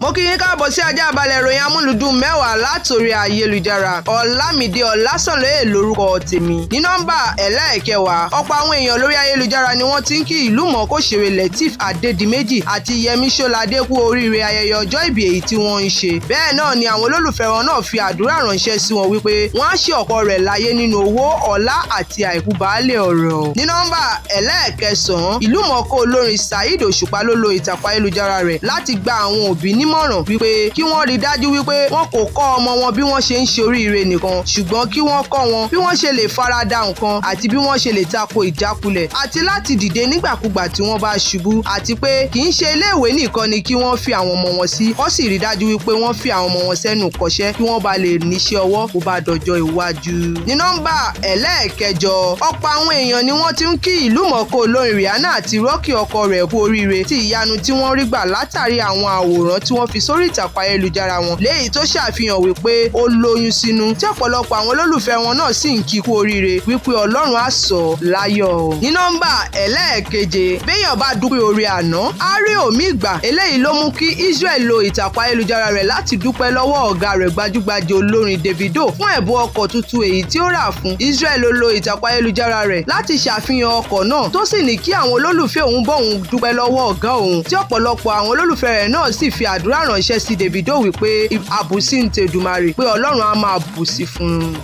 mo kí yín káàbọ̀ sí ajá balẹ̀ ìròyìn amúlùdùn mẹ́wàá látòrí ayélujára ọ̀làmídé ọ̀làsànlóye lórúkọ tèmi ní nọ́mbà ẹlẹ́ẹ̀kẹwàá ọ̀pọ̀ àwọn èèyàn lórí ayélujára ni wọ́n ti ń kí ìlú mọ̀ọ́kọ́ ṣeré Lateef Adédìméjì àti Yẹmí Ṣọ́ládé kú oríire ayẹyẹ ọjọ́ ìbí èyí tí wọ́n ń ṣe bẹ́ẹ̀ náà ni àwọn olólùfẹ́ wọn náà fi àdúrà ránṣẹ́ sí wọn wípé wọ́n á ṣe ọ̀pọ̀ rẹ̀ láyé nínú owó ọlá àti àìkú baálẹ̀ ọ̀rọ̀ ní nọ́mbà ẹlẹ́ẹ̀kẹsàn-án ìlú mọ̀ọ́kọ́ olórin Saheed Òṣùpá ló lo ìtàkùn ayélujára rẹ̀ láti gba àwọn òbí ní nímọ̀ràn wípé kí wọ́n rí dájú wípé wọn kò kọ́ ọmọ wọn bí wọ́n ṣe ń ṣe oríire nìkan ṣùgbọ́n kí wọ́n kọ́ wọn bí wọ́n ṣe lè farada nǹkan àti bí wọ́n ṣe lè tako ìjákulẹ̀ àti láti dìde nígbàkúgbà tí wọ́n bá ṣubú àti pé kì í ṣe iléèwé nìkan ni kí wọ́n fi àwọn ọmọ wọn sí wọ́n sì rí dájú wípé wọ́n fi àwọn ọmọ wọn sẹ́nu kọ́ṣẹ́ kí wọ́n bá lè níṣẹ́ ọwọ́ kó bá dọjọ́ iwájú. ní nọ́mbà ẹlẹ́ẹ̀kẹjọ ọ̀pọ̀ àwọn èèyàn ni wọ́n ti ń kí ìlú mọ̀ọ́kọ olórin Rihanna àti Rocky ọkọ rẹ̀ kú oríire ti ìyanu tí wọ́n rí gbà látàrí àwọn àwòrán tí w wọ́n fi sórí ìtàkùn ayélujára wọn léyìí tó ṣàfihàn wípé ó lóyún sínú tí ọ̀pọ̀lọpọ̀ àwọn olólùfẹ́ wọn náà sì ń kí kú oríire wípé ọlọ́run á sọ láyọ̀ o. ní nọ́mbà ẹlẹ́ẹ̀keje béèyàn bá dúpẹ́ oore àná á rí òmí ìgbà eléyìí ló mú kí Israel lo ìtàkùn ayélujára rẹ̀ láti dúpẹ́ lọ́wọ́ ọ̀gá rẹ̀ gbajúgbajà olórin Davido fún ẹ̀bùn ọkọ̀ tuntun èyí tí ó rà fún Israel lo ìtàkùn ayélujára rẹ̀ láti ṣàfihàn ọkọ̀ náà tó sì ní kí àwọn olólùfẹ́ òun bọ̀ òun dúpẹ́ lọ́wọ́ ọ̀gá òun tí ọ̀pọ̀lọpọ̀ àwọn olólùfẹ́ rẹ̀ náà sì fi àdúrà àdúrà ránṣẹ́ sí Davido wípé àbùsí ń tedùmarè pé Ọlọ́run á máa bùsí fún un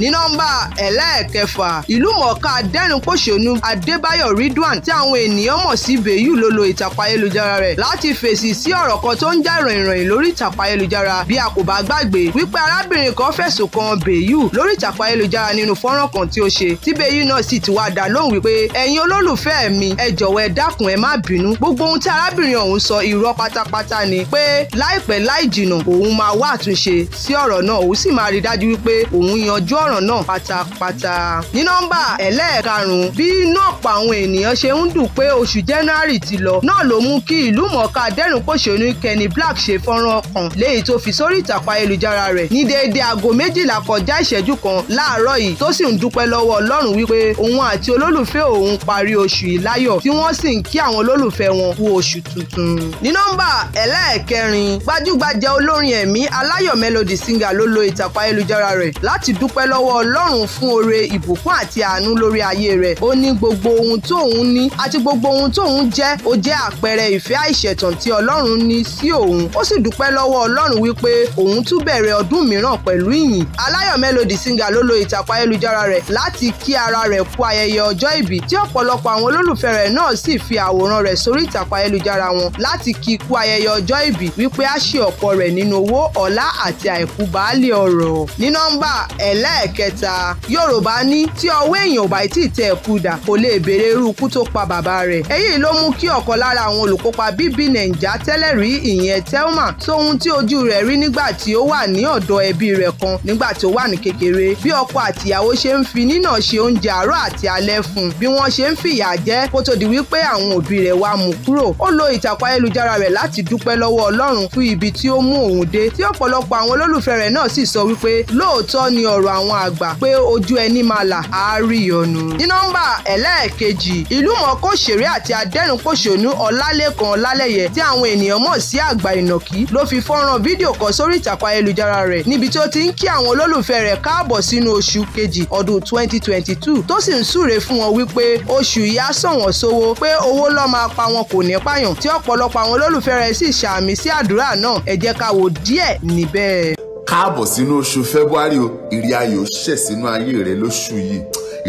ní nọ́mbà ẹlẹ́ẹ̀kẹfà ìlúmọ̀ọ́ká dẹ́rìn-pọ̀ṣónú Adébáyọ̀ Ridwan tí àwọn ènìyàn mọ̀ sí Bèyù ló lo ìtàkùn ayélujára rẹ̀ láti fèsì sí ọ̀rọ̀ kan tó ń já ìròyìn lórí ìtàkùn ayélujára bí a kò bá gbàgbé wípé arábìnrin kan fẹ̀sùn kan Bèyù lórí ìtàkùn ayélujára nínú fọ́nrán kan tí ó ṣe tí Bèyù náà sì ti wá dá lóhùn wípé ẹ̀yin olólùfẹ́ mi ẹ jọ̀wọ́ ẹ dákun ẹ má bínú gbogbo ohun tí arábìnrin ọ̀hún sọ irọ́ pátápátá ni pé láìpẹ́ láì jìnà òun máa wá àtúnṣe sí ọ̀rọ̀ náà òun sì máa rí dájú wípé òun yanjú ọ ọ̀ràn náà pátápátá. ní nọ́mbà ẹlẹ́ẹ̀karùn-ún bí inú ọ̀pọ̀ àwọn ènìyàn ṣe ń dùn pé oṣù January ti lọ náà ló mú kí ìlú mọ̀ọ́ká dẹ́rùn-pọ̀ṣónú Kenny Black ṣe fọ́nrán kan léyìí tó fi sórí ìtàkùn ayélujára rẹ̀ ní déédéé aago méjìlá kọjá ìṣẹ́jú kan láàárọ̀ yìí tó sì ń dúpẹ́ lọ́wọ́ Ọlọ́run wípé òun àti olólùfẹ́ òun parí oṣù yìí láyọ̀ tí wọ́n sì ń kí àwọn olólùfẹ́ wọn kú oṣù tuntun. ní nọ́mbà ẹlẹ́ẹ̀kẹrin gbajúgbajà olórin ẹ̀mí Aláyọ̀ Melody Singer ló lo ìtàkùn ayélujára rẹ̀ láti dúpẹ́ lọ́ lọ́wọ́ Ọlọ́run fún oore ìbùkún àti àánú lórí ayé rẹ̀ ó ní gbogbo ohun tóun ní àti gbogbo ohun tóun jẹ́ ó jẹ́ àpẹẹrẹ ìfẹ́ àìṣẹ̀tàn tí Ọlọ́run ní sí òun ó sì dúpẹ́ lọ́wọ́ Ọlọ́run wípé òun tún bẹ̀rẹ̀ ọdún mìíràn pẹ̀lú ìyìn Aláyọ̀ Melody Singer ló lo ìtàkùn ayélujára rẹ̀ láti kí ara rẹ̀ kú ayẹyẹ ọjọ́ ìbí tí ọ̀pọ̀lọpọ̀ àwọn olólùfẹ́ rẹ̀ náà sì fi àwòrán rẹ̀ sórí ìtàkùn ayélujára wọn láti kí kú ayẹyẹ ọjọ́ ìbí wípé á ṣe ọ̀pọ̀ rẹ̀ nínú owó ọlá àti àìkú baálé ọrọ̀ ní nọ́mbà ẹlẹ́ẹ̀ ẹlẹ́ẹ̀kẹta yorùbá ní tí ọwọ́ èèyàn ò bá tí ì tẹ ẹ̀kú dà kò lè béèrè irú ikú tó pa bàbá rẹ̀ èyí ló mú kí ọ̀kan lára àwọn olùkópa bíbí nàìjà tẹ́lẹ̀ rí ìyẹn Telma sóhun tí ojú rẹ̀ rí nígbà tí ó wà ní ọ̀dọ̀ ẹbí rẹ̀ kan nígbà tí ó wà ní kékeré bí ọkọ àtìyàwó ṣe ń fi nínà ṣe oúnjẹ àárọ̀ àti alẹ́ fún bí wọ́n ṣe ń fìyà jẹ kó tó di wípé àwọn òbí rẹ̀ wá mú kúrò ó lo ìtàkùn ayélujára rẹ̀ láti dúpẹ́ lọ́wọ́ ọlọ́run fún ibi tí ó mú òun dé tí ọ̀pọ̀lọpọ̀ àwọn olólùfẹ́ rẹ̀ náà sì sọ wípé lóòótọ́ ni ọ̀rọ̀ àwọn àgbà pé ojú ẹni máa là á rí ìyọnu. ní nọ́mbà ẹlẹ́ẹ̀kejì ìlú mọ̀ọ́kọ́ òṣèré àti adẹ́rùn-pọ̀ṣónú ọlálẹ́kan ọlálẹ́yẹ tí àwọn ènìyàn mọ̀ sí àgbà ìnàkí ló fi fọ́nrán fídíò kan sórí ìtàkùn ayélujára rẹ̀ níbi tí ó ti ń kí àwọn olólùfẹ́ rẹ̀ káàbọ̀ sínú oṣù kejì ọdún 2022 tó sì ń súre fún wọn wípé oṣù yìí á sàn wọ́n sówó pé owó ló máa pa wọn kò ní pààyàn tí ọ̀pọ̀lọpọ̀ àwọn olólùfẹ́ rẹ̀ sì ṣàmì sí àdúrà náà ẹ ká wò díẹ̀ níbẹ̀ káàbọ̀ sínú oṣù february o ìrì ayọ̀ ṣẹ̀ sínú ayé rẹ lóṣù yìí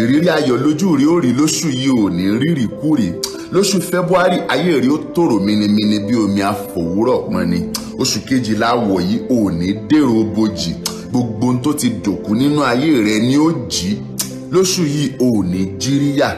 ìrírí ayọ̀ lójú rí ó rí lóṣù yìí ò ní rírì kúrì lóṣù february ayé rí ó tòrò minimini bí omi àfòwúrọ̀ pọn ni oṣù kejìlá wọ̀ yìí ò ní dèrò bojì gbogbo ohun tó ti dòkú nínú ayé rẹ ni ó jí lóṣù yìí ò ní jíríyà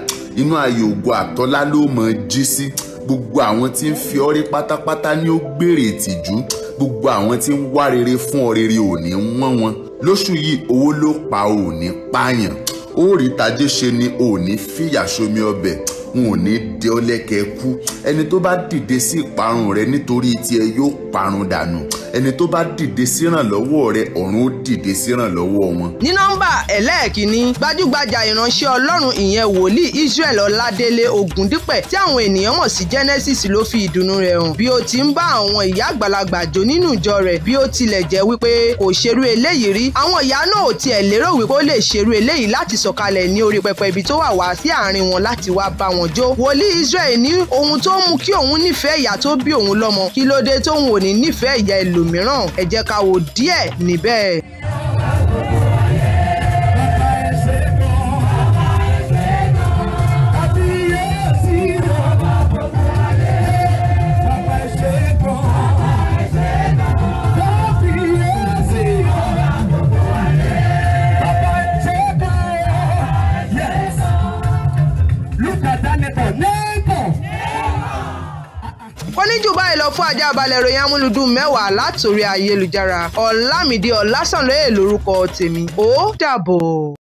inú ayọ̀ ògo àtọ́lá ló mọ̀ jí sí gbogbo àwọn tí ń fi ọrí pátápátá ni ó gbèrè ìtìjú gbogbo àwọn tí ń wá rere fún ọ rere ò ní wọ́n wọn lóṣù yìí owó ló pa ò ní pààyàn ó rí tajé ṣe ni ò ní fìyà ṣomi ọbẹ̀ n ò ní dé ọ lẹ́kẹ̀ẹ́ kú ẹni tó bá dìde sí ìparun rẹ nítorí tiẹ̀ yóò parun dànù ẹni tó bá dìde sírànlọ́wọ́ rẹ ọ̀run ó dìde sírànlọ́wọ́ wọn. ní nọ́mbà ẹlẹ́ẹ̀kínní gbajúgbajà ìránṣẹ́ ọlọ́run ìyẹn wòlíì Israel Ọládélé Ògúndípẹ̀ tí àwọn ènìyàn mọ̀ sí Genesis ló fi ìdùnnú rẹ̀ hàn bí ó ti ń bá àwọn ìyá àgbàlagbà jó nínú ìjọ rẹ̀ bí ó tilẹ̀ jẹ́ wípé kò ṣerú eléyìí rí àwọn ìyá náà ò tiẹ̀ lérò wípé ó lè ṣerú eléyìí láti sọ̀kalẹ̀ ní orí pẹpẹ ibi tó wà wá sí àárín wọn láti wá bá wọn jó wòlíì Israel ní ohun tó mú kí òun nífẹ̀ẹ́ ìyá tó bí òun lọ́mọ kí ló dé tóun ò ní nífẹ̀ẹ́ ẹlòmíràn ẹ jẹ́ ká wo díẹ̀ níbẹ̀. ní jù báyìí lọ fún ajá balẹ̀ ìròyìn amúlùdùn mẹ́wàá látòrí ayélujára ọ̀làmídìí ọ̀làsànlóye lórúkọ tèmi ó dàbọ̀.